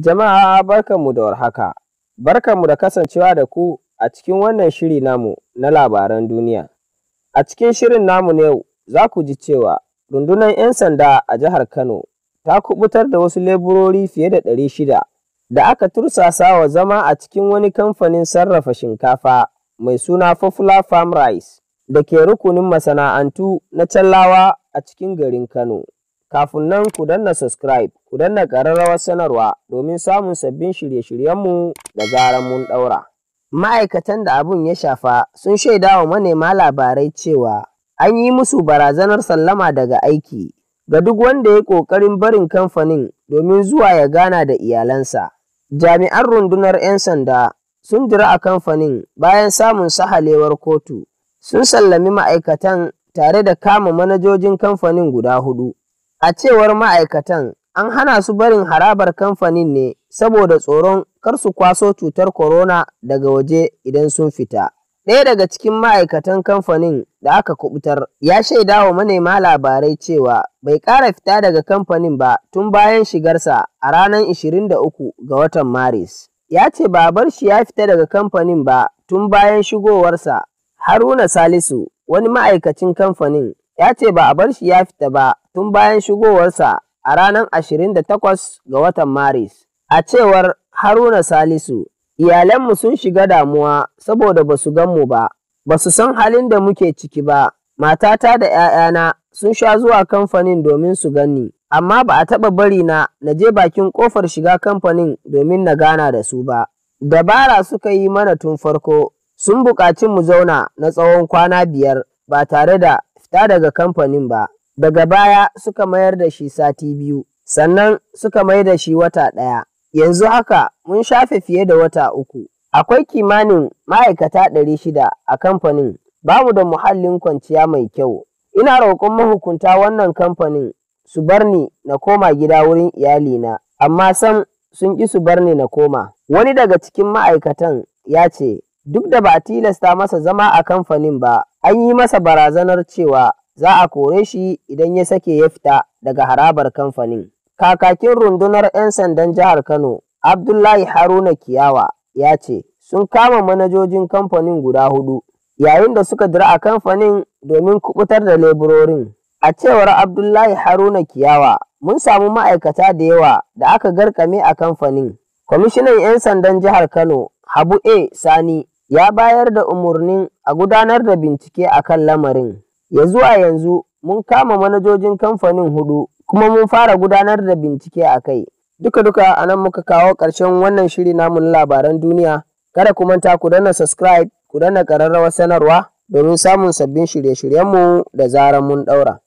Jama'a barkanmu da warhaka, barkanmu da kasancewa da ku a cikin wannan shiri namu na labaran duniya. A cikin shirin namu ne- yau za ku ji cewa rundunar 'yan sanda a jihar Kano ta kubutar da wasu leburori fiye da ɗari shida da aka tursasa wa zama a cikin wani kamfanin sarrafa shinkafa mai suna Fofula Farm Rice da ke rukunin masana'antu na Challawa a cikin garin Kano. Kafin nan ku danna subscribe, ku danna ƙararrawar sanarwa domin samun sabbin shirye-shiryenmu da zarar mun ɗaura. Ma'aikatan da abun ya shafa sun shaida wa manema labarai cewa an yi musu barazanar sallama daga aiki ga duk wanda ya ƙoƙarin barin kamfanin domin zuwa ya gana da iyalansa. Jami'an rundunar 'yan sanda sun jira a kamfanin bayan samun sahalewar kotu. Sun sallami ma'aikatan tare da kama manajojin kamfanin guda hudu. A cewar ma'aikatan, an hana su barin harabar kamfanin ne saboda tsoron kar su kwaso cutar korona daga waje idan sun fita. Ɗaya daga cikin ma'aikatan kamfanin da aka kubutar ya shaida wa manema labarai cewa bai ƙara fita daga kamfanin ba tun bayan shigarsa a ranar 23 ga watan Maris. Ya ce ba bar shi ya fita daga kamfanin ba tun bayan shigowarsa. Haruna Salisu, wani ma'aikacin kamfanin, ya ce ba a bar shi ya fita ba tun bayan shigowarsa a ranar 28 ga watan Maris. A cewar Haruna Salisu, iyalanmu sun shiga damuwa saboda ba su gan mu ba, ba su san halin da muke ciki ba, matata da ‘ya'yana sun sha zuwa kamfanin domin su ganni, amma ba a taɓa bari na na je bakin ƙofar shiga kamfanin domin na gana da su ba. Dabara suka yi mana tun farko, sun buƙaci mu zauna na tsawon kwana biyar ba tare da fita daga kamfanin ba. daga baya suka mayar da shi sati biyu, sannan suka mai da shi wata ɗaya. Yanzu haka mun shafe fiye da wata uku. Akwai kimanin ma'aikata ɗari shida a kamfanin, ba da muhallin kwanciya mai kyau. Ina roƙon mahukunta wannan kamfanin su bar ni na koma gida wurin iyalina, amma sam sun ƙi su bar ni na koma. Wani daga cikin ma'aikatan ya ce, duk da ba a tilasta masa zama a kamfanin ba, an yi masa barazanar cewa za a kore shi idan ya sake ya fita daga harabar kamfanin. Kakakin rundunar 'yan sandan jihar Kano, Abdullahi Haruna Kiyawa, ya ce sun kama manajojin kamfanin guda hudu yayin da suka dira a kamfanin domin kubutar da leburorin. A cewar Abdullahi Haruna Kiyawa, mun samu ma'aikata da yawa da aka garkame a kamfanin. Kwamishinan 'yan sandan jihar Kano, Habu A. Sani, ya bayar da umarnin a gudanar da bincike a kan lamarin. Ya zuwa yanzu mun kama manajojin kamfanin hudu kuma mun fara gudanar da bincike a kai. Duka-duka a nan muka kawo ƙarshen wannan shiri namun labaran duniya. Kada ku manta ku danna subscribe, ku danna ƙararrawar sanarwa domin samun sabbin shirye-shiryenmu da zarar mun ɗaura.